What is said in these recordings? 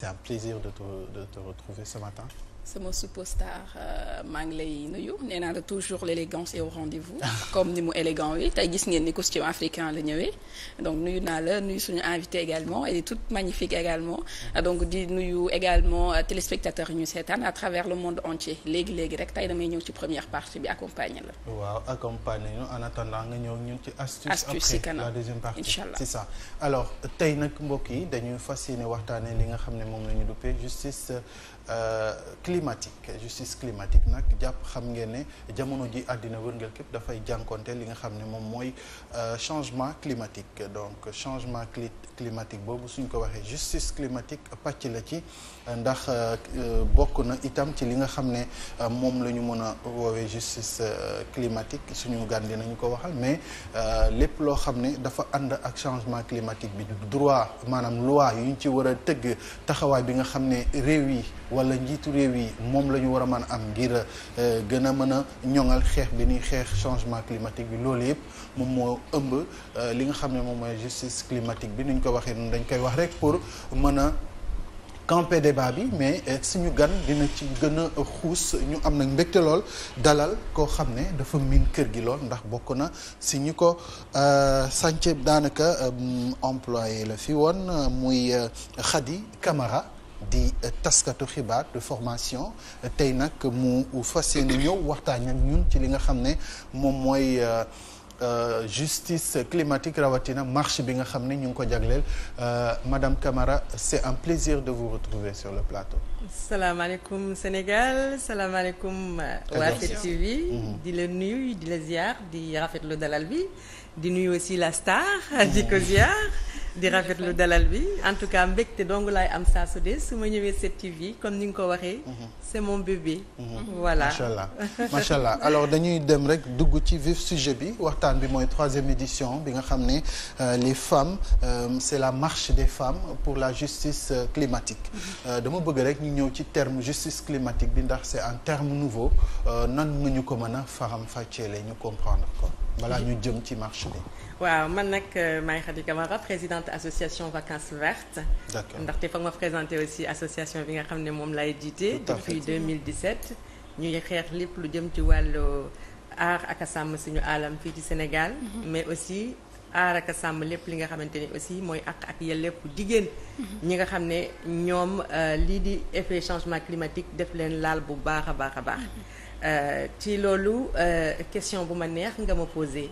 C'est un plaisir de te, de te, retrouver ce matin. sama superstar euh, maa ngi lay nuyu nee naa la toujours l'élégance est au rendez-vous comme ni mu élégant wi tey gis ngeen ni costume africain la ñëwee donc nuyu naa la nuyu suñu invité également elle est toute magnifique également donc di nuyu également euh, téléspectateurs yi ñu seetaan à travers le monde entier léegi léegi rek tey damay ñëw ci première partie bi accompagner la. waaw accompagner ñu en attendant nga ñëw ñun ci astuce. astuce après la alors tey nag mbokk yi dañuy waxtaanee li nga xam ne moom la ñu duppee euh, Euh, climatique justice climatique nag jàpp xam ngeen ne jamono ji àddina wërngël képp dafay jànkonte li nga xam ne moom mooy euh, changement climatique donc changement cli climatique boobu suñ ko waxee justice climatique pacc la ci ndax euh, bokk na itam ci li nga xam ne euh, moom la ñu mën a woowee justice euh, climatique suñu gan dinañu ko waxal mais lépp loo xam ne dafa ànd ak changement climatique bi droit maanaam loi yu ñu ci war a tëgg taxawaay bi nga xam ne réew yi wala njiitu réew yi moom la ñu war a mën am ngir gën a mën a ñoŋal xeex bi ñuy xeex changement climatique bi loolu yëpp moom moo ëmb li nga xam ne moom mooy justice climatique bi ni ñu ko waxee dañ koy wax rek pour mën campé débat bi mais eh, suñu gan dina ci gën a xuus ñu am nag mbégte lool dalal koo xam ne dafa miin kër gi lool ndax bokk na si ñu ko euh, sànce daanaka euh, employé la fi woon muy euh, Khady kamara di taskatu xibaar de formation tey nag mu fas yéene ñëw waxtaan ak ñun ci li nga xam ne moom mooy. Euh, justice climatique rawatina marche bi nga xam ne ñu ngi ko jagleel euh, madame Camara c'est un plaisir de vous retrouver sur le plateau. salaamaaleykum Sénégal salaamaaleykum. Euh, waa 7TV mhm. di la nuyu di la ziar di rafetlu dalal bi di nuyu aussi la star. di ko mhm. di rafetlu dalal bi en tout cas mbégte dong laay am saa su dee su ma ñëwee 7TV comme ni nga ko waxee. Mhm. c'est mon bébé. Mhm. voilà macha allah macha allah alors dañuy dem rek dugg ci vie sujet bi waxtaan bi mooy troisième édition bi nga xam ne euh, les femmes euh, c'est la marche des femmes pour la justice euh, climatique. Mhm. dama bëgg rek ñu ñëw ci terme justice climatique bi ndax c'est un terme nouveau nan nga ñu ko mën a faram-fàccee ñu comprendre ko. balaa ñu jëm ci marche bi. waaw man nag euh, maay Khady Camara présidente association Vacances Vertes. d'accord ndaxte foog ma présenter aussi association bi nga xam ne moom laay jiite. depuis 2017. ñuy xeex lépp lu jëm ci wàllu aar ak sàmm suñu alam fii ci Sénégal. Mhm. mais aussi aar sàmm lépp li nga xamante ni aussi mooy àq ak lépp jigéen ñi nga xam ne ñoom euh, lii di effet changement climatique def leen laal bu baax a baax a baax euh, ci loolu euh, question bu ma neex nga ma posé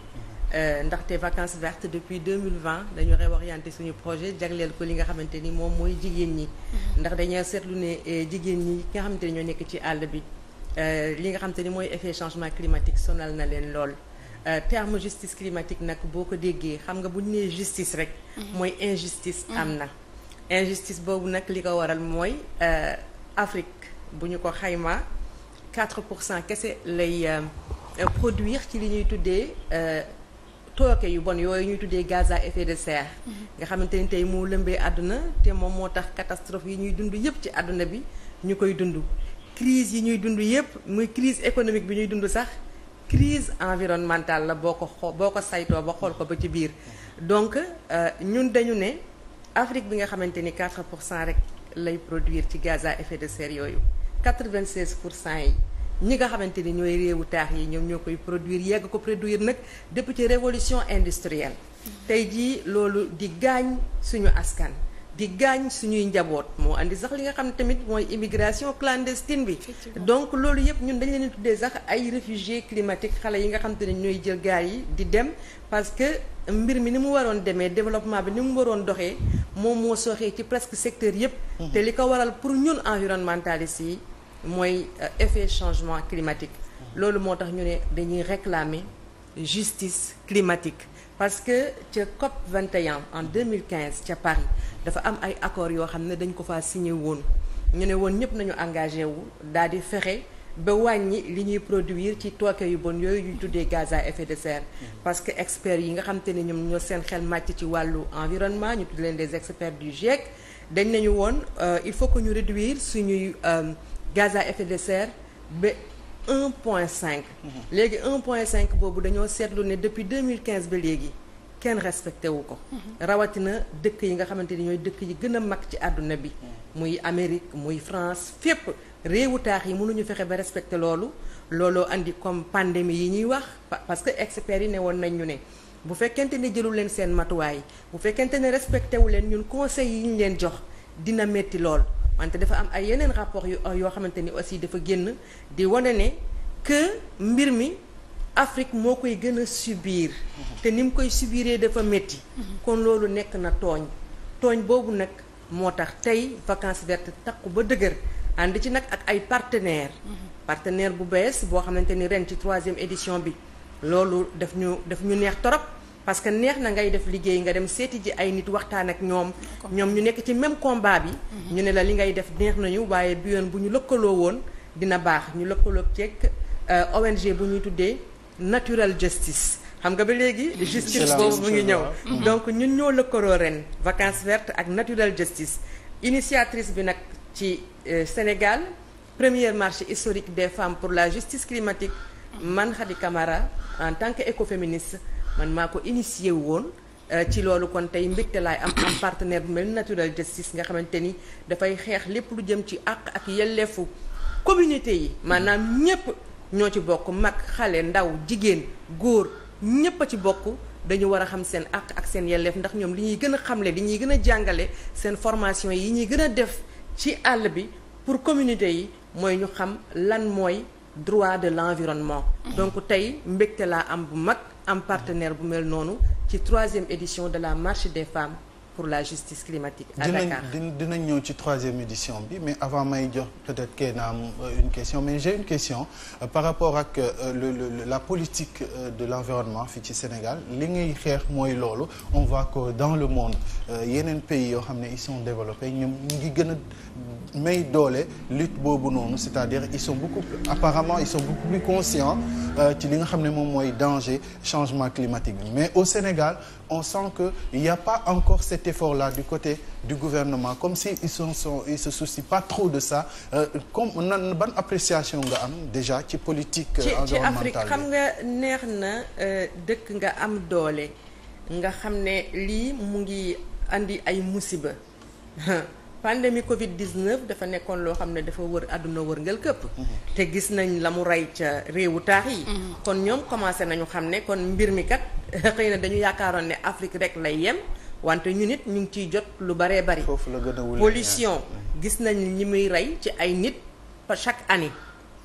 ndaxte vacances vertes depuis 2020 dañu réorienté suñu projet jagleel ko li nga xamante ni moom mooy jigéen ñi ndax dañoo seetlu ne jigéen ñi nga xamante ni ñoo nekk ci àll bi li nga xamante ni mooy effet changement climatique sonal na leen lool Euh, terme justice climatique nag boo ko déggee xam nga bu ñu nee justice rek. Mm-hmm. mooy injustice mm-hmm. am na. injustice boobu nag li ko waral mooy euh, Afrique bu ñu ko xayma 4 pour cent kese lay euh, produire ci li ñuy tuddee tooke yu bon yooyu ñuy tuddee gaz à effet de serre. Mm-hmm. nga ne ni tey moo lëmbee àdduna te moom moo tax catastrophe yi ñuy dund yëpp ci àdduna bi ñu koy dund. crise yi ñuy dund yëpp muy crise économique bi ñuy dund sax. crise environnementale la boo ko xo boo ko saytoo ba xool ko ba ci biir donc euh, ñun dañu ne Afrique bi nga xamante ni 4 pour cent rek lay produire ci gaz à effet de serre yooyu 96 pour cent yi ñi nga xamante ni ñooy réewu taax yi ñoom ñoo koy produire yegg ko produire nag depuis ci révolution industrielle mm-hmm. tey jii loolu di gaañ suñu askan di gaañ suñuy njaboot moo indi sax li nga xam ne tamit mooy immigration clandestine bi donc loolu yëpp ñun dañ leen tuddee sax ay réfugiés climatiques xale yi nga xam te ne ñooy jël gaal yi di dem parce que mbir mi ni mu waroon demee développement bi ni mu waroon doxee moom moo sooxee ci presque secteur yëpp mhm. te li ko waral pour ñun environnementalistes yi mooy euh, effet changement climatique mhm. loolu moo tax ñu ne dañuy réclamer justice climatique parce que ca COP 21 en 2015 ca Paris dafa am ay accords yoo xam ne dañ ko fa signé woon ñu ne woon ñëpp nañu engagé wu daal di fexe ba wàññi li ñuy produire ci tooke yu bon yooyu ñu tuddee gaz à de serre. Mmh. parce que experts yi nga xam te ne ñoom ñoo seen xel màcc ci wàllu environnement ñu tudd leen des experts du GIEC dañ nañu woon euh, il faut que ñu réduire suñuy euh, gaz à effet de serre ba. un point cinq léegi un point cinq boobu dañoo seetlu ne depuis deux mille quinze ba léegi kenn respecté wu ko rawatina dëkk yi nga xamante ni ñooy dëkk yi gën a mag ci àdduna bi muy Amérique muy France fépp réewu taax yi mënuñu fexe ba respecté loolu looloo indi comme pandémie yi ñuy wax parce que experts yi ne woon nañ ñu ne bu fekkente ne jëlul leen seen matuwaay bu fekkente ne respecté wu leen ñun conseils yi ñu leen jox dina metti lool wante dafa am ay yeneen rapport yu yoo xamante ni aussi dafa génn di wane ne que mbir mi Afrique moo koy gën a subir te ni mu koy subiree dafa métti kon loolu nekk na tooñ tooñ boobu nag moo tax tey vacances vertes takku ba dëgër ànd ci nag ak ay partenaires partenaire bu bees boo xamante ni ren ci troisième édition bi loolu daf ñu daf ñu neex torop parce que neex na ngay def liggéey nga dem seeti ji ay nit waxtaan ak ñoom ñoom ñu nekk ci même combat bi ñu ne la li ngay def neex nañu waaye bi yoon bu ñu lëkkaloo woon dina baax ñu lëkkaloo ceeg euh, ONG bu ñuy tuddee Natural Justice xam nga ba léegi justice mu ngi ñëw mm-hmm. donc ñun ñoo lëkkaloo ren vacance Vertes ak Natural Justice initiatrice bi nag ci euh, Sénégal première marche historique des femmes pour la justice climatique man Khady Camara en tant que écoféministe man maa ko initié woon euh, ci loolu kon tey mbégte laay am am partenaire bu mel ni Natural Justice nga xamante ni dafay xeex lépp lu jëm ci àq ak yelleefu communauté yi maanaam ñépp ñoo ci bokk mag xale ndaw jigéen góor ñépp a ci bokk dañu war a xam seen àq ak seen yelleef ndax ñoom li ñuy gën a xamle li ñuy gën a jàngale seen formation yi ñuy gën a def ci àll bi pour communauté yi mooy ñu xam lan mooy droit de l'environnement mm-hmm. donc tey mbégte laa am bu mag am partenaire bu mel noonu ci troisième édition de la marché des femmes pour la justice climatique à dinañ ñëw ci troisième édition bi mais avant may jox peut-être kee na am euh, une question mais j'ai une question euh, par rapport ak euh, la politique de l'environnement fii ci Sénégal li ngay xeex mooy loolu on voit que dans le monde yeneen pays yoo xam ne ils sont développés ñu ngi gën a may doole lutte boobu noonu c'est-à-dire ils sont beaucoup plus, apparemment ils sont li nga xam ne moom mooy danger changement climatique bi mais au Sénégal on sent que il n'y a pas encore cet effort-là du côté du gouvernement comme si ils sont, sont ils se soucient pas trop de ça euh, comme nan ban appréciation nga am déjà ci politique euh, environnementale ci Afrique xam nga neex na euh, dëkk nga am doole nga xam ne lii mu ngi indi ay musiba pandémie covid 19 dafa nekkoon loo xam ne dafa wër àdduna wërngal këpp mhm. te gis nañ la mu rey ca réewu taax yi mhm. kon ñoom commencé nañu xam ne kon mbir mi kat xëy na dañu yaakaaroon ne Afrique rek lay yem wante ñu nit ñu ngi ciy jot lu baree bari foofu la gën a wul pollution gis nañu ñi muy rey ci ay nit chaque année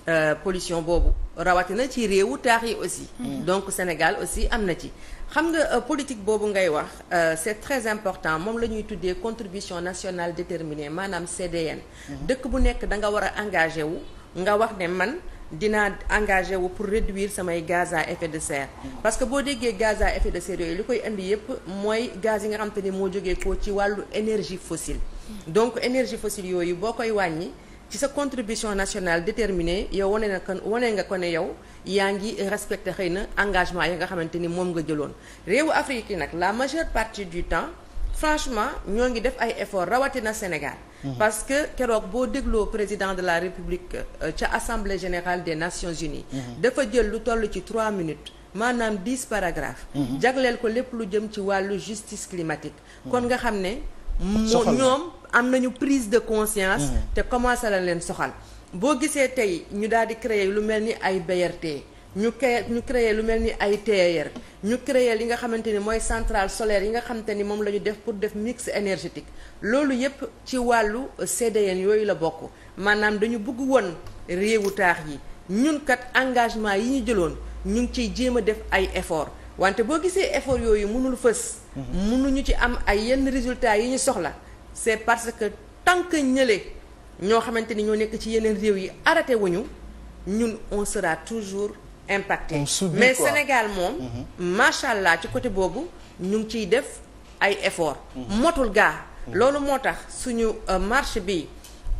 euh, pollution boobu rawatina ci réewu taax yi aussi mm. donc Sénégal aussi am na ci xam nga euh, politique boobu ngay wax euh, c'est très important moom la ñuy tuddee contribution nationale déterminée maanaam CDN mm. dëkk bu nekk da nga war a engagé wu nga wax ne man dinaa engagé wu pour réduire samay gaz à de serre parce que boo déggee gaz à de serre yooyu li koy indi yépp mooy gaz yi nga xam te ni moo jógee ko ci wàllu énergie fossile donc énergie fossile yooyu boo koy wàññi ci sa contribution nationale déterminée yow wane na kon wane nga ko ne yow yaa ngi respecté xëy na engagement yi nga xamante ni moom nga jëloon réewu Afrique yi nag la majeure partie du temps franchement ñoo ngi def ay efforts rawatina Sénégal Mhm. parce que keroog boo dégloo président de la république euh, ca assemblée générale des nations unies mhm. dafa jël lu toll ci trois minutes maanaam dix paragraphes mhm. jagleel ko lépp lu jëm ci wàllu justice climatique kon nga xam ne moo ñoom am nañu prise de conscience te commencé la leen soxal boo gisee tey ñu daal di créer lu mel ni ay BRT ñu créé ñu créé lu mel ni ay TER ñu créé li nga xamante ni mooy centrale solaire yi nga xamante ni moom la ñu def pour def mix énergétique loolu yépp ci wàllu CDN yooyu la bokk maanaam dañu bëgg woon réewu taax yi ñun kat engagement yi ñu jëloon ñu ngi ciy jéem a def ay effort wante boo gisee effort yooyu mënul fës. Mm-hmm. mënuñu ci am ay yenn résultats yi ñu soxla c'est parce que tant que ñële ñoo xamante ni ñoo nekk ci yeneen réew yi arrêté wuñu ñun on sera toujours. impacté mais quoi. Sénégal moom mm-hmm. macha allah ci côté boobu ñu ngi ciy def ay effort mm-hmm. motul gaa mm-hmm. loolu moo tax suñu euh, marche bi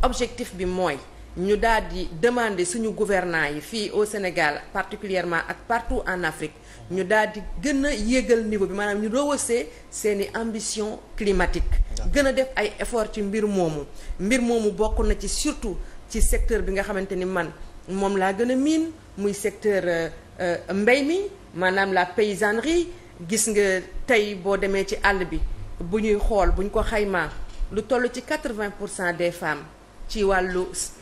objectif bi mooy ñu daal di demander suñu gouvernants yi fii au Sénégal particulièrement ak partout en Afrique ñu daal di gën a yéegal niveau bi maanaam ñu rehausser seen i ambition climatique gën a def ay effort ci mbir moomu mbir moomu bokk na ci surtout ci secteur bi nga xamante ni man moom laa gën miin muy secteur euh, euh, mbay mi maanaam la paysannerie gis nga tey boo demee ci àll bi bu ñuy xool buñ ko xaymaa lu toll ci quatre-vingt pour cent des femmes ci wàllu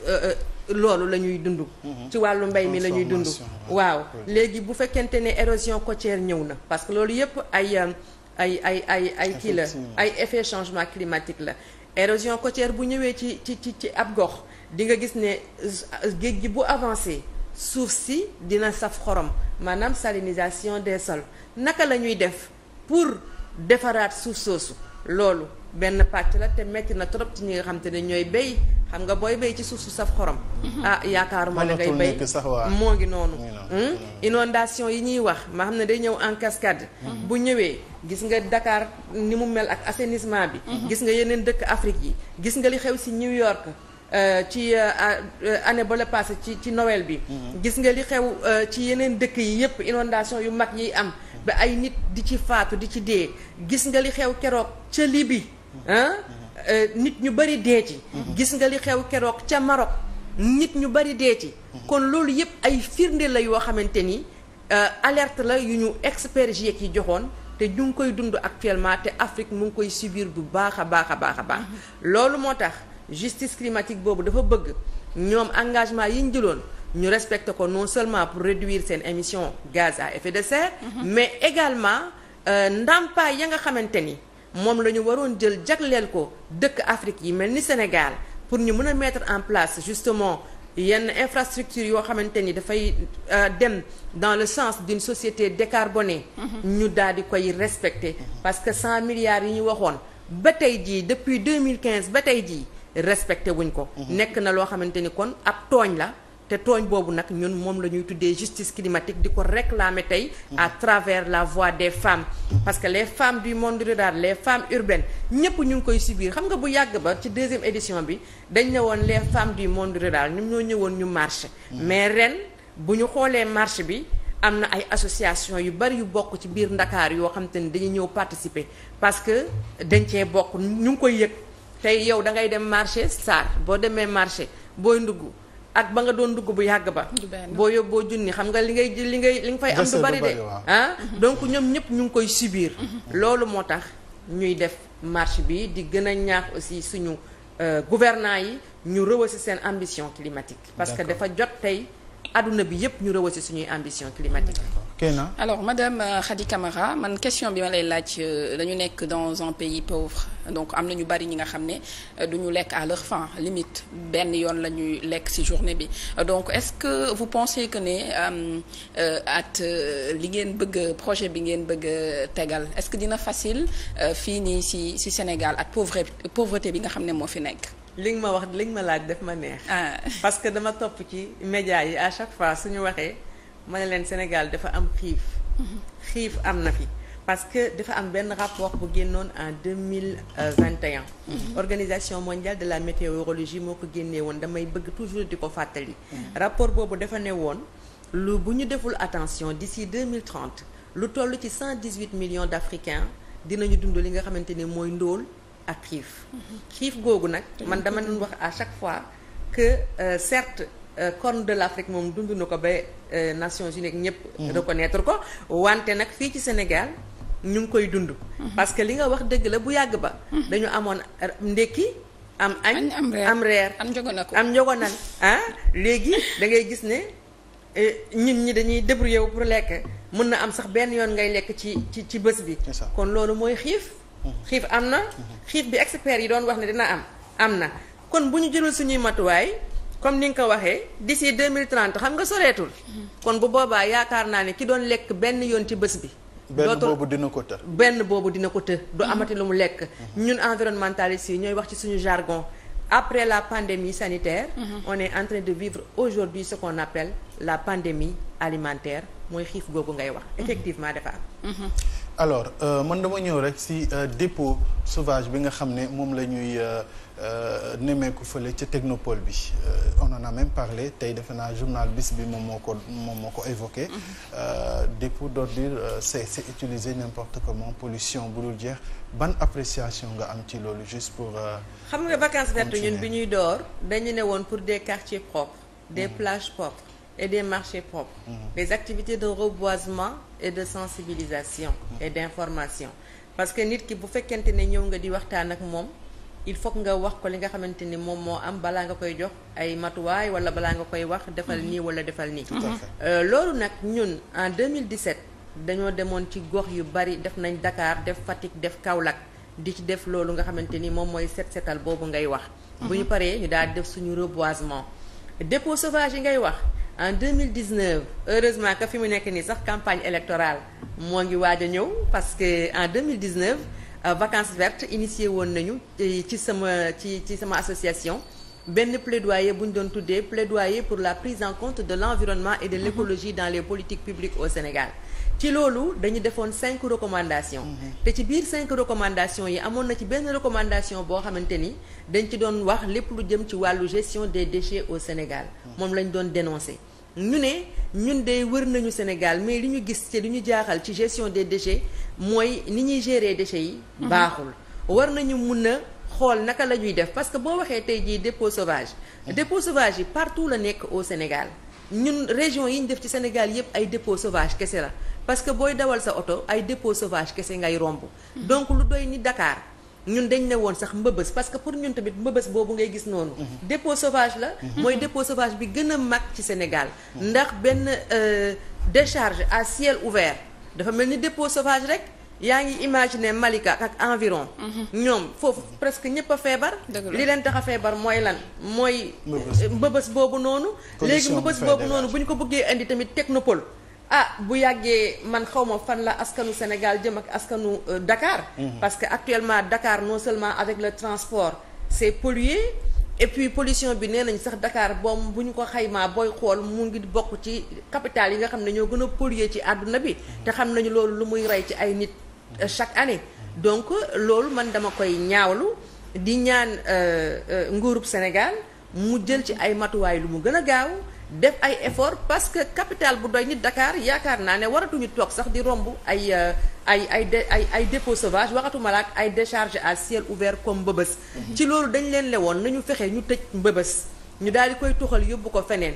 euh, loolu la ñuy dund mhm. ci wàllu mbay mi la ñuy dund waaw léegi bu fekkente ne érosion côtière ñëw na parce que loolu yëpp ay ay ay ay ay kii la ay effet changement climatique la érosion côtière bu ñëwee ci ci ci ci ab gox di nga gis ne géej gi bu avancé suuf si dina saf xorom maanaam salinisation des sols naka la ñuy def pour defaraat suuf soosu loolu benn pàcc la te metti na trop ci ñi nga xam ne ñooy béy xam nga booy béy ci suuf su saf xorom. Mhm. ah yaakaaruma ne ngay béy hmm? moo ngi noonu. inondation yi ñuy wax ma xam ne day ñëw en cascade. Mhm. bu ñëwee gis nga Dakar ni mu mel ak assainissement bi. Mhm. gis nga yeneen dëkk Afrique yi gis nga li xew si New York. Euh, ci euh, euh, année ba la passé ci ci Noël bi mm-hmm. gis nga li xew ci yeneen dëkk yi yépp inondation yu mag yiy am ba ay nit di ci faatu di ci dee gis nga li xew keroog ca Libye mm-hmm. mm-hmm. nit ñu bari dee ci gis nga li xew keroog ca Maroc nit ñu bari dee ci kon loolu yépp ay firnde la yoo xamante ni alerte la yu ñu experts yi joxoon te ñu ngi koy dund actuellement te Afrique mu ngi koy subir bu baax a baax a baax a baax loolu moo tax justice climatique boobu dafa bëgg ñoom engagement yi ñu jëloon ñu respecté ko non seulement pour réduire seen émission gaz à effet de serre mm -hmm. mais également euh, ndàmpaay ya nga xamante ni moom la ñu waroon jël jagleel ko dëkk Afrique yi mel ni Sénégal pour ñu mën a mettre en place justement yenn infrastructure yoo xamante ni dafay euh, dem dans le sens d'une société décarbonée mhm. ñu daal di koy respecter mhm. parce que cent milliards yi ñu waxoon ba tey jii depuis 2015 ba tey jii respecté wuñ ko. Mhm. nekk na loo xamante ni kon ab tooñ la. te tooñ boobu nag ñun moom la ñuy tuddee justice climatique di ko réclamer tey mhm. à travers la voix des femmes mhm. parce que les femmes du monde rural les femmes urbaines ñëpp ñu ngi koy subir xam nga bu yàgg ba ci deuxième édition bi dañ la woon les femmes du monde rural ñoom ñoo ñëwoon ñu marché mais ren bu ñu xoolee marché bi am na ay association yu bari yu bokk ci biir Ndakaar yoo xam te ne dañu ñëw participer parce que dañ cee ñu ngi koy yëg tey yow da ngay dem marché Sarr boo demee marché booy ndugg ak ba nga doon ndugg bu yàgg ba. boo yóbboo junni xam nga li ngay li ngay li nga fay am. du bari de ah donc ñoom ñëpp ñu ngi koy subir. loolu moo tax ñuy def marche bi di gën a ñaax aussi suñu euh, gouvernants yi ñu rëwasi seen ambition climatique. parce que dafa jot tey àdduna bi yëpp ñu rëwasi suñuy ambition climatique. Kéna alors madame euh, Khady Camara man question bi ma lay laaj euh, dañu nekk dans un pays pauvre donc am na ñu bari ñi nga xam ne euh, du ñu lekk à leur faim limite benn yoon la ñuy lekk ci journée bi donc est-ce que vous pensez que ne at li ngeen bëgg projet bi ngeen bëgg tegal est-ce que dina facile fii nii ci ci Sénégal ak pauvre pauvreté bi nga xam ne moo fi nekk. li nga ma wax li nga ma laaj def ma neex. Ah. parce que dama topp ci média yi à chaque fois suñu waxee. ma ne leen Sénégal dafa am xiif xiif am na fi parce que dafa am benn rapport bu génnoon en deux mille vingt et organisation mondiale de la météorologie moo ko génnee woon damay bëgg toujours di ko fàttali. rapport boobu dafa ne woon lu bu ñu deful attention d'ici deux mille trente lu toll ci cent dix huit millions d'Africains dinañu dund li nga xamante ni mooy ndóol ak xiif. xiif googu nag man dama doon wax à chaque fois que euh, certes. Euh, corne de l'Afrique moom dund na ko ba euh, Nations Unies ñëpp mm-hmm. reconnaître ko wante nag fii ci Sénégal ñu ngi koy dund mm-hmm. parce que li nga wax dëgg la bu yàgg ba mm-hmm. dañu amoon ndékki am añ am reer am njogonan ah léegi da ngay gis ne ñun euh, ñi dañuy débrouiller wu pour lekk mën na am sax benn yoon ngay lekk ci ci ci bés bi kon loolu mooy xiif xiif am na xiif bi experts yi doon wax ne dina am am na kon bu ñu jëlul suñuy matuwaay comme ni nga ko waxee d'ici 2030 xam nga soreetul. kon bu boobaa yaakaar naa ne ki doon lekk benn yoon ci bés bi. benn boobu dina ko të. benn boobu dina ko të du amati lu mu lekk. ñun environnementalistes yi ñooy wax ci suñu jargon. après la pandémie sanitaire. Mhm. on est en train de vivre aujourd'hui ce qu'on appelle la pandémie alimentaire mooy xiif googu ngay wax. Mhm. effectivement dafa am. Mhm. alors euh, man dama ñëw rek ci euh, dépôt sauvage bi nga xam ne moom la ñuy. Euh, Euh, nemmeeku fële ci technopole bi euh, on a même parlé tey defe naa journal bis bi moom moo ko moom moo ko évoqué mhm. euh, dépôt d'ordure c'est c'est utilisé n'importe moom pollution bu dul jeex ban appréciation nga am ci loolu juste pour xam nga vacances vertes ñun bi ñuy door dañu ne woon pour des quartiers propres des mhm. plages propres et des marché propres mhm. des activités de reboisement et de sensibilisation et d'information parce que nit ki bu fekkente ne ñëw nga di waxtaan ak moom il faut nga wax ko li nga xamante ni moom moo am balaa nga koy jox ay matuwaay wala balaa nga koy wax defal nii wala defal nii. Euh, loolu nag ñun en 2017 dañoo demoon ci gox yu bari def nañ Dakar def Fatick def Kaolack di ci def loolu nga xamante ni moom mooy set setal boobu ngay wax. Mhm. bu ñu paree ñu daal def suñu reboisement. dépôt sauvage yi ngay wax en 2019 heureusement que fi mu nekk nii sax campagne électorale moo ngi waaj a ñëw parce que en 2019. Euh, vacances vertes initié woon nañu ci sama ci ci sama association benn plaidoyer bu ñu doon tuddee plaidoyer pour la prise en compte de l'environnement et de mhm. l'écologie dans les politiques publiques au Sénégal ci loolu dañu defoon cinq recommandations mhm. te ci biir cinq recommandations yi amoon na ci benn recommandation boo xamante ni dañ ci doon wax lépp lu jëm ci wàllu gestion des déchets au Sénégal mhm. moom lañ doon dénoncer ñu ne ñun de wër nañu Sénégal mais li ñu gis ci li ñu jaaxal ci gestion des déchets mooy ni ñuy gérer déchets yi. Mhm. baaxul war nañu mun a xool naka la ñuy def parce que boo waxee tey jii dépo sauvage. dépôt sauvage yi partout la nekk au Sénégal ñun région yi ñu def ci Sénégal yépp ay dépôt sauvage kese la parce que booy dawal sa oto ay dépôt sauvage kese ngay romb. Mhm. donc lu doy ni Dakar. ñun dañ ne woon sax mbëbës parce que pour ñun tamit mbëbës boobu ngay gis noonu. Mhm. dépôt sovage la. Mhm. mooy dépôt sauvage bi gën a mag ci Sénégal. Mhm. ndax benn euh, décharge à ciel ouvert dafa mel ni dépôt sovage rek. yaa ngi imaginer Malika ak environ. ñoom foofu presque ñëpp a feebar. li leen tax a feebar mooy lan mooy. mbëbës euh, boobu noonu. léegi mbëbës boobu noonu bu ñu ko bëggee indi tamit technopole. ah bu yàggee man xawma fan la askanu Sénégal jëm ak askanu euh, Dakar. Mhm. parce que actuellement Dakar non seulement avec le transport c'est pollué et puis pollution bi nee nañ sax Dakar boom bu ñu ko xaymaa booy xool mu ngi bokk ci capital yi nga xam ne ñoo gën a pollué ci àdduna bi. te xam nañu loolu lu muy rey ci ay nit euh, chaque année. donc loolu man dama koy ñaawlu di ñaan euh, euh, nguurub Sénégal mu jël ci ay matuwaay lu mu gën a gaaw. def ay effort parce que capital bu doy nit Dakar yaakaar naa ne waratuñu toog sax di romb ay euh, ay ay ay ay dépôt sauvage waxatuma la ak ay décharge à ciel ouvert comme Mbëbës. Mhm. ci loolu dañu leen lewoon nañu fexe ñu tëj Mbëbës ñu daal di koy tuxal yóbbu ko feneen.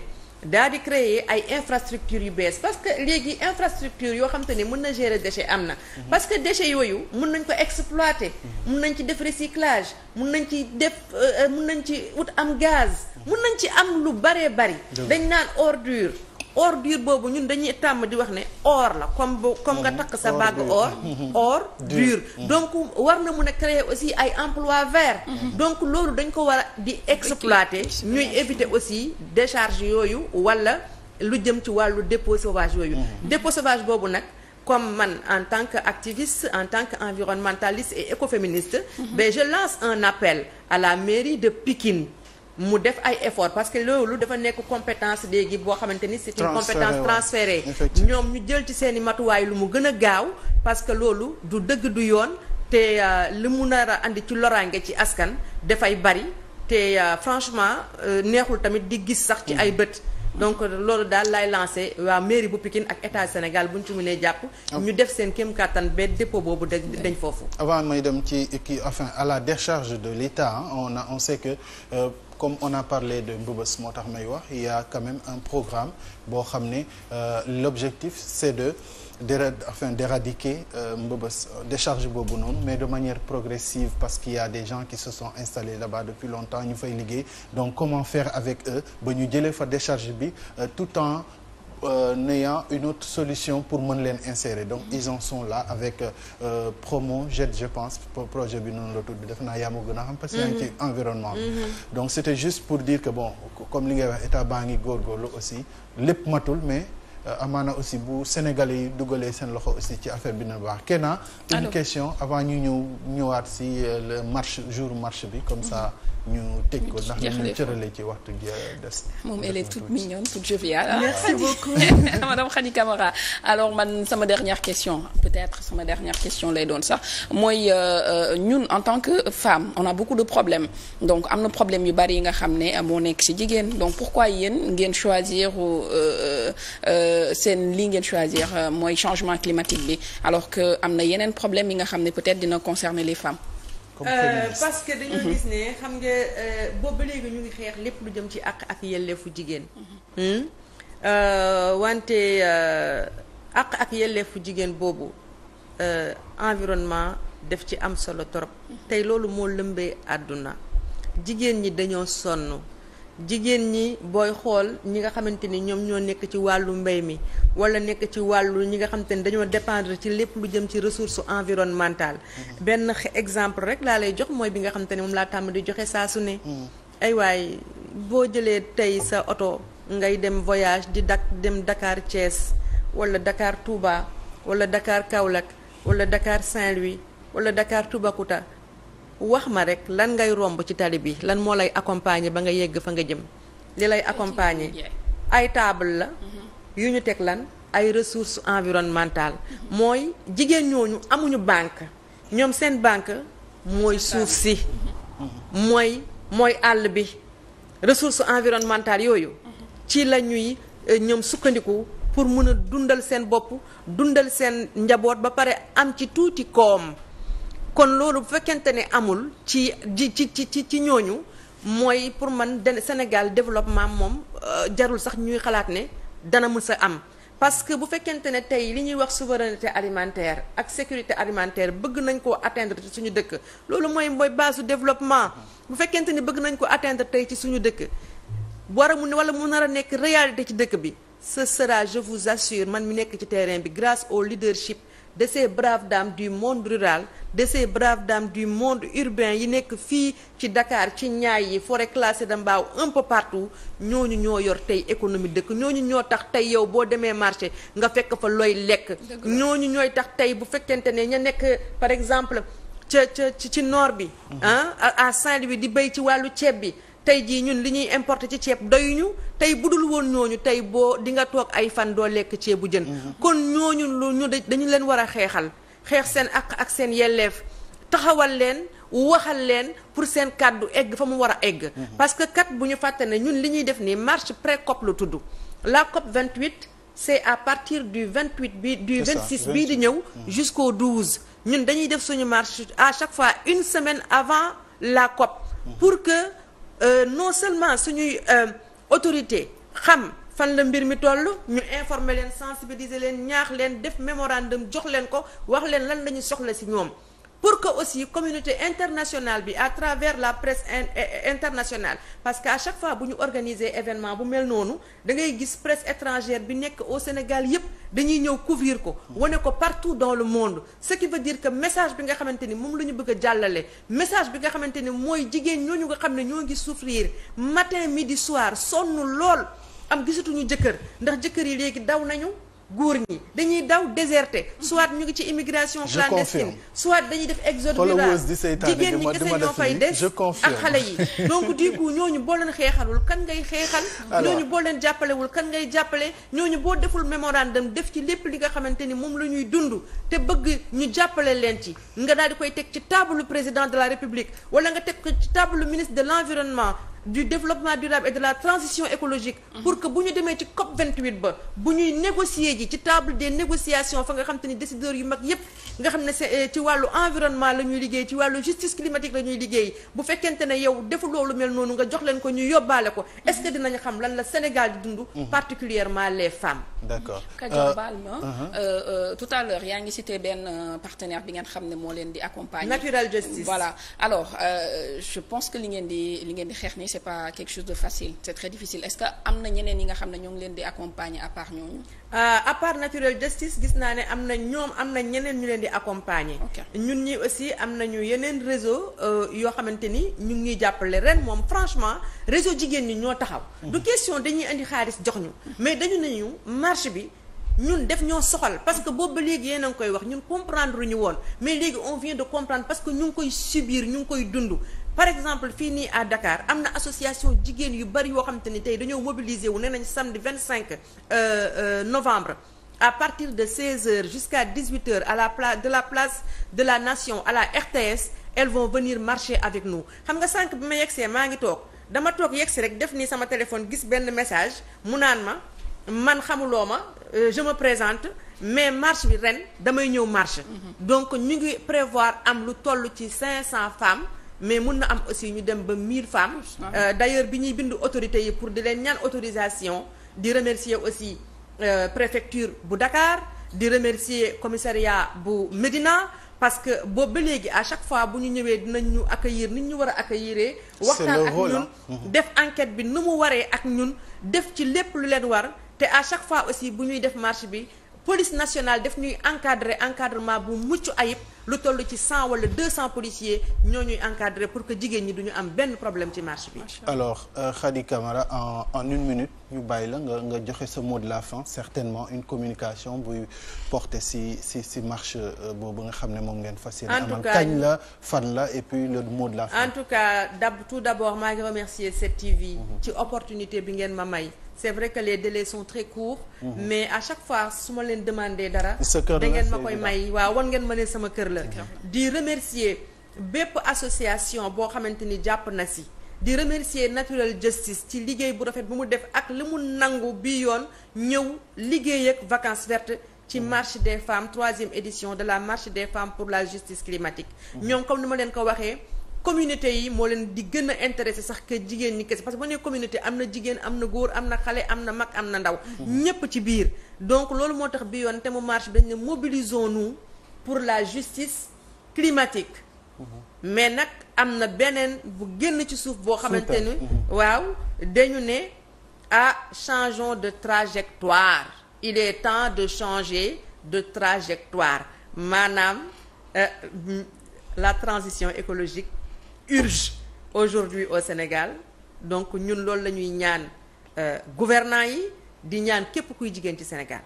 daal di créer ay infrastructures yu bees parce que léegi infrastructure yoo xam te ne mën na gérer déchets am na mhm. parce que déchets yooyu mun nañ ko exploiter mun mhm. nañ ci def recyclage mun nañ ci def euh, mun nañ ci ut am gaz mun mhm. nañ ci am lu baree bari dañ naan ordure or ordure boobu ñun dañuy tàmm di wax ne or la comme comme nga mm-hmm. takk sa bague or mm-hmm. or dur mm-hmm. donc war na mu ne créer aussi ay emploi vert donc loolu dañ ko war a di exploiter ñuy éviter aussi décharge yooyu wala lu jëm ci wàllu dépôt sauvage yooyu dépôt sauvage boobu nag comme man en tant que qu'activiste en tant que qu'environnementaliste et écoféministe mais je lance un appel à la mairie de Pikine mu def ay effort parce que loolu dafa nekk compétence léegi boo xamante ni c'est une compétence transférée ñoom ñu jël ci seeni matuwaay lu mu gën a gaaw parce que loolu du dëgg du yoon te euh, li mu nar a andi ci loraange ci askan dafay bari te euh, franchement euh, neexul tamit di gis sax ci ay mm. bët donc loolu daal laay lancé waa mairie bu Pikine ak état Sénégal bu ñu ci mënee jàpp. Ah. ñu def seen kéem kattan ba dépôt boobu dañ foofu. avant mooy dem ci kii enfin à la décharge de l'État on a on comme on a parlé de Mbeubeuss moo tax may wax il y a quand même un programme boo xam ne euh, l'objectif c'est de d'era enfin d'éradiquer euh, Mbeubeuss décharge boobu noonu mais de manière progressive parce qu'il y a des gens qui se sont installés là-bas depuis longtemps ñu fay liggéey donc comment faire avec eux ba ñu jëlee fa décharge bi euh, tout en Euh, n'ayant une autre solution pour mën leen insérer donc ils en sont là avec euh, promo jet je pense projet bi noonu la tudd bi def naa yaa ma gën a xam parce que yaa ci mhm. environnement mhm. donc c' était juste pour dire que bon comme li ngay wax état baa ngi góorgóorlu aussi lépp matul mais euh, amaana aussi bu sénégal yi dugalee seen loxo aussi ci affaire bi na baax Kenna ah, une question avant ñu ñëw ñëwaat si le marche jour marché bi comme ça mhm. ñu tëj ko ndax ñu cërale ci waxtu bi euh, des. moom elle est toute mignonne toute joviale. merci beaucoup madame Khady Camara alors man sama dernière question peut-être sama dernière question lay doon sax mooy euh, euh, ñun en tant que femmes on a beaucoup de problèmes donc am na problème yu bari yi nga xam ne moo nekk si jigéen donc pourquoi yéen ngeen choisir seen lii ngeen choisir mooy changement climatique bi alors que am na yeneen problème yi nga xam ne peut-être dina concerner les femmes. Euh, parce que dañoo mhm. gis ne xam nga euh, boobu léegi ñu ngi xeex lépp lu jëm ci àq ak yelleefu jigéen mhm. hmm? euh, wante àq ak yelleefu jigéen boobu environnement def ci am solo torop mhm. tey loolu moo lëmbee àdduna jigéen ñi dañoo sonn jigéen ñi booy xool ñi nga xamante ni ñoom ñoo nekk ci wàllu mbay mi wala nekk ci wàllu ñi nga xam te ne dañoo dépendre ci lépp lu jëm ci ressource environnementale mhm. benn exemple rek laa lay jox mooy bi nga xam te ni moom laa tàmm di joxe saa su ne mhm. ay waay boo jëlee tey sa oto ngay dem voyage di dak dem Dakar Thiès wala Dakar Touba wala Dakar Kaolack wala Dakar Saint-Louis wala dakaar Toubacouta wax ma rek lan ngay romb ci tali bi lan moo lay accompagner ba nga yegg fa nga jëm li lay accompagner ay table la mhm. yu ñu teg lan ay ressource environnementales mooy jigéen ñooñu amuñu banque ñoom seen banque mooy suuf si mooy mooy àll bi ressources environnementales yooyu ci la ñuy euh, ñoom sukkandiku pour mun a dundal seen bopp dundal seen njaboot ba pare am ci tuuti koom kon loolu bu fekkente ne amul ci ci ci ci ci ñooñu mooy pour man Sénégal développement moom euh, jarul sax ñuy xalaat ne dana mës a am parce que bu fekkente ne tey li ñuy wax souveraineté alimentaire ak sécurité alimentaire bëgg nañ ko atteindre ci suñu dëkk loolu mooy mooy base développement bu fekkente ni bëgg nañ ko atteindre tey ci suñu dëkk war a mun wala mu nar a nekk réalité ci dëkk bi ce sera je vous assure man mi nekk ci terrain bi grâce au leadership de ces braves dames du monde rural de ces braves dames du monde urbain yi nekk fii ci dakaar ci ñaay yi forêt classée de mbaaw un peu partout ñooñu ñoo yor tey économie dëkk ñooñu ñoo tax tey yow boo demee marché nga fekk fa looy lekk ñooñu ñooy tax tey bu fekkente ne ña nekk par exemple ca ca ci noor bi ah à Saint-Louis di béy ci wàllu ceeb bi tey jii ñun li ñuy importe ci ceeb doyuñu tey budul woon ñooñu tey boo di nga toog ay fan doo lekk ceebu jën. Mm-hmm. kon ñooñu lu ñu dañu leen war a xeexal xeex seen ak ak seen yelleef taxawal leen waxal leen pour seen kàddu egg fa mu war a egg. Mm-hmm. parce que kat bu ñu fàtte ne ñun li ñuy def nii marche pré COP la tudd la COP 28 c'est à partir du 28 bi du 26 bii di ñëw mm-hmm. jusqu'au douze ñun dañuy def suñu marche à chaque fois une semaine avant la COP pour que. Euh, non seulement suñuy euh, autorité xam fan la mbir mi toll ñu informer leen sensibiliser leen ñaax leen def mémorandum jox leen ko wax leen lan la ñu soxla ci ñoom pour que aussi communauté internationale bi à travers la presse eh, internationale parce que à chaque fois bu ñu organiser événement bu mel noonu dangay gis presse étrangère bi nekk au Sénégal yépp dañuy ñëw couvrir ko wane ko partout dans le monde ce qui veut dire que message bi nga xamante ni moom la ñu bëgg jàllale message bi nga xamante ni mooy jigéen ñoo ñu nga xam ne ñoo ngi souffrir matin midi soir sonn lool am gisatuñu jëkkër ndax jëkkër yi léegi daw nañu góor ñi dañuy daw déserté soit ñu ngi ci immigration clandestine soit dañuy def exode rural jigéen ñi kese ñoo fay des ak xale yi donc du coup ñooñu boo leen xeexalul kan ngay xeexal ñooñu boo leen jàppalewul kan ngay jàppale ñooñu boo deful mémorandum def ci lépp li nga xamante ni moom la ñuy dund te bëgg ñu jàppale leen ci nga daal di koy teg ci table président de la république wala nga teg ko ci table ministre de l'environnement du développement durable et de la transition écologique mhm. pour que bu ñu demee ci COP 28 ba bu ñuy négocier ji ci table des négociations fa nga xam ni décideurs yu mag yépp nga xam ne euh, ci wàllu environnement la ñuy liggéey ci wàllu justice climatique la ñuy liggéey bu fekkente ne yow defu loolu mel noonu nga jox leen ko ñu yóbbaale ko est-ce que dinañ xam lan la Sénégal di dund mhm. particulièrement les femmes d'accord Kajoor euh, baal ma uh-huh. euh, yaa ngi cité benn partenaire bi xam ne moo leen di accompagner Natural Justice voilà alors je pense que li ngeen di li ngeen di nii c'est pas quelque chose de facile c'est est-ce que am na ñeneen yi nga xam ne ñoo leen di accompagner à part ñooñu. Euh, à part Justice gis naa ne am na ñoom am na ñeneen ñu leen di accompagner. ñun ñi aussi am nañu yeneen réseau euh, yoo xamante ni ñu ngi ñuy jàppale ren moom franchement réseau jigéen ñi ñoo taxaw. Mm-hmm. du question dañuy indi xaalis jox ñu. mais dañu nañu marché bi. ñun def ñoo soxal parce que boobu ba léegi yéen a ngi koy wax ñun comprendre ñu woon mais léegi on vient de comprendre parce que ñu ngi koy subir ñu ngi koy dund par exemple fii nii à Dakar am na association jigéen yu bari yoo xamante ni tey dañoo mobiliser wu nee nañ samedi 25 euh, euh, novembre à partir de 16h jusqu'à 18h à la place de la place de la nation à la RTS elles vont venir marcher xam nga sànq bi ma yegsee maa ngi toog dama toog yegsi rek def nii sama téléphone gis benn message mu naan ma man xamuloo ma euh, je me présente mais marche bi ren damay ñëw marche mm-hmm. donc ñu ngi prévoir am lu toll ci 500 femmes mais mun na am aussi ñu dem ba 1000 femmes. Euh, bi ñuy bind autorités yi pour di leen ñaan autorisation di remercier aussi euh, préfecture bu Dakar di remercier commissaria bu Médina parce que boobu ba léegi à chaque fois bu ñu ñëwee dinañ ñu accueillir ni ñu war a accueillir. waxtaan ak ñun def enquête bi nu mu waree ak ñun def ci lépp lu leen war te à chaque fois aussi bu ñuy def marche bi. police nationale def ñuy encadrer encadrement bu mucc ayib lu toll ci cent wala deux cent policiers ñoo ñuy encadrer pour que jigéen ñi duñu am benn problème ci marche bi. alors euh, Khady Camara en en une minute ñu bàyyi la nga nga joxe sa mot la fin certainement une communication buy porter si si si marche euh, boobu nga xam ne moom ngeen fas yéene. amal kañ la fan la et puis le mot la fin. en tout cas d'ab tout d'abord maa ngi remercier cette TV. Mm-hmm. ci opportunité bi ngeen ma may. c'est vrai que les délais sont très courts. Mhm. mais à chaque fois su ma leen demander dara. da ngeen ma koy may waaw wan ngeen ma ne sama kër la. di remercier bépp association boo xamante ni jàpp na si. di remercier Natural Justice ci liggéey bu rafet bu mu def ak li mu nangu bi yoon ñëw liggéey ak vacances vertes ci mhm. marche des femmes troisième édition de la marche des femmes pour la justice climatique. Mhm. ñoom comme ni ma leen ko waxee. communauté yi moo leen di gën a intéressé sax que jigéen ñi kese parce que boo nee communauté am na jigéen am na góor am na xale am na mag am na ndaw. Mmh. ñëpp ci biir donc loolu moo tax bi yoon te mu marche bi dañ ne mobilisons-nous pour la justice climatique. Mmh. mais nag am na beneen bu génn ci suuf boo xamante ni mmh. waaw dañu ne ah changeons de trajectoire il est temps de changer de trajectoire maanaam euh, la transition écologique urge aujourd'hui au Sénégal donc ñun loolu la ñuy ñaan euh, gouvernant yi di ñaan képp kuy jigéen ci Sénégal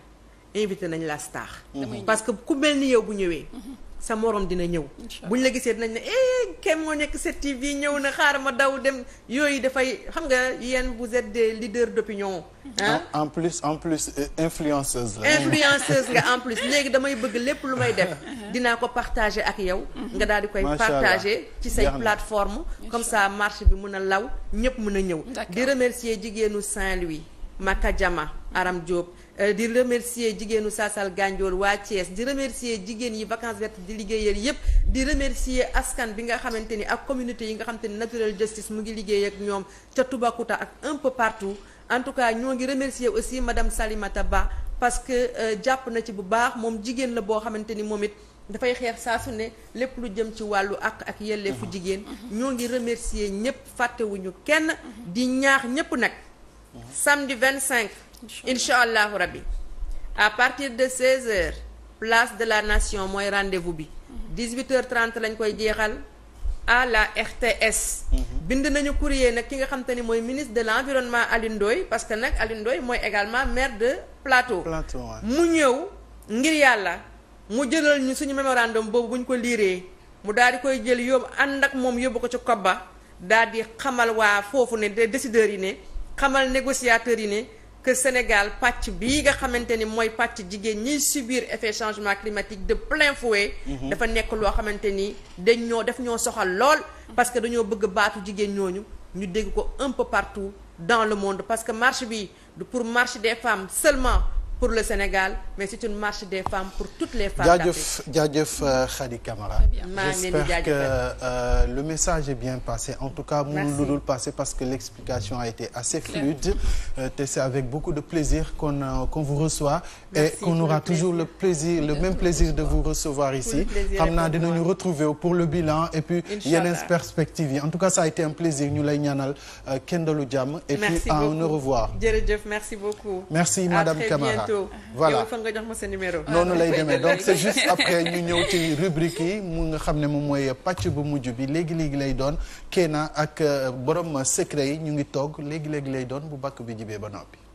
invité nañ la star parce que ku mel ni yow bu ñëwee mhm. sa morom dina ñëw bu buñ la gisee dinañ ne eh kenn moo nekk 7TV ñëw na xaar ma daw dem yooyu dafay xam nga yenn vous êtes des leaders d'opinion en plus en plus euh, influenceuse nga en plus léegi damay bëgg lépp lu may def dinaa ko partager ak yow mhm. nga daal di koy partager ci say plateforme comme ça marché bi mën a law ñëpp mën a ñëw di remercier jigéenu Saint-Louis Maka Jama Aram Diop Euh, di remercier jigéenu sasal Gandiol waa Thiès di remercier jigéen yi vacances vertes di liggéeyal yépp di remercier askan bi nga xamante ni ak communauté yi nga xamante ni Natural Justice mu ngi liggéey ak ñoom ca Toubacouta ak un peu partout en tout cas ñoo ngi remercier aussi madame Salimata Ba parce que euh, jàpp na ci bu baax moom jigéen la boo xamante ni moom it dafay xeex saa su ne lépp lu jëm ci wàllu àq ak yelleefu mhm. jigéen mhm. ñoo ngi remercier ñëpp fàttewuñu kenn di ñaax ñëpp nag mhm. samedi 25 incha allahu rabbi à partir de 16h place de la nation mooy rendez-vous bi 18 trente 30 lañ koy jeexal à la RTS. Mhm. bind nañu courrier nag ki nga xam te ni mooy ministre de l'environnement Alioune Ndoye parce que nag Alioune mooy également maire de Plateau. Plateau mu ñëw ngir yàlla mu jëlal ñu suñu mémorandum boobu bu ñu ko liiree mu daal di koy jël yóbbu ànd ak moom yóbbu ko ci COPBA daal di xamal waa foofu ne de décideurs yi ne xamal négociateurs yi ne. que Sénégal pàcc bii nga xamante ni mooy pàcc jigéen ñiy subir effet changement climatique de plein fouet. Mhm. dafa nekk loo xamante ni dañ ñoo daf ñoo soxal lool. parce que dañoo bëgg baatu jigéen ñooñu ñu dégg ko un peu partout dans le monde parce que marche bi pour marché des femmes seulement. pour le Sénégal mais c'est une marche des femmes pour toutes les femmes d'Afrique jaajëf jaajëf euh, Khady Camara j'espère que euh, le message est bien passé en tout cas mënul lu dul passé parce que l'explication a été assez fluide euh, et c'est avec beaucoup de plaisir qu'on euh, qu'on vous reçoit Merci et qu'on aura toujours le plaisir le même plaisir de vous recevoir ici xam naa dinañu retrouver pour le bilan et puis yeneen perspectives yi en tout cas ça a été un plaisir ñu lay ñaanal euh, kendalu jàmm et puis à un au revoir jërëjëf merci beaucoup merci madame Camara voilà fan nga jox ma sa numéro. noonu lay demee donc c'est juste après ñu ñëw ci rubrique yi mu nga xam ne moom mooy pàcc bu mujj bi léegi léegi lay doon Kéna ak euh, borom secret yi ñu ngi toog léegi léegi lay doon bu bakk bi jibee ba noppi.